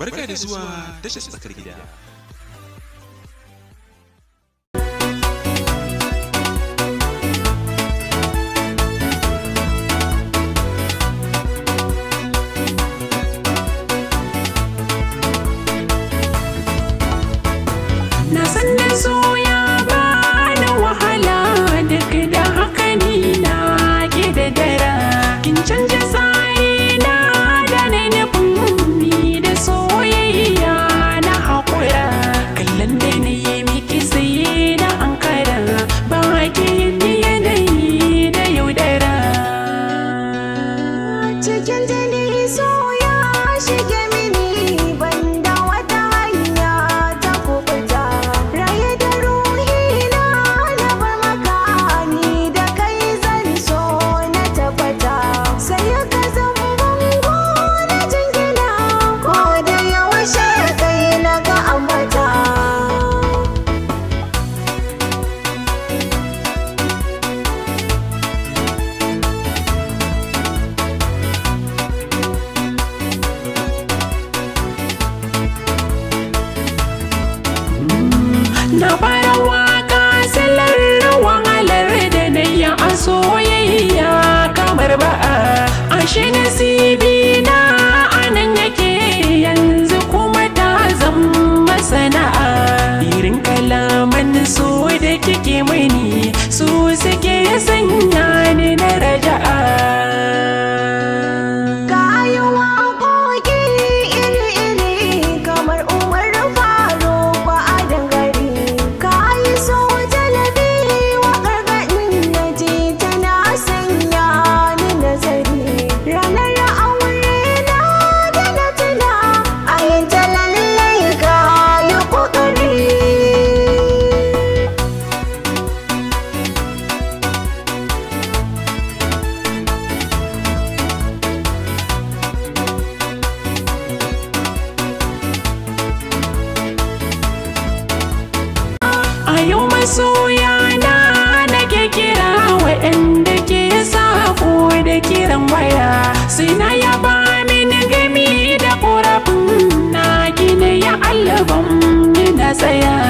Barka da zuwa tashar tsakar gida. Na san da cikin jini so ya shige na bara waka sallar rawan alare da na a soyayya kamar ba a ashe nasibi na anan yake yanzu kuma ta zama sana'a irin kalaman so da kike mani su suke sanya soya na nake kira waɗanda ke sako da kiran waya suna ya ba mini gami da ƙorafin na gina ya allaban na tsaya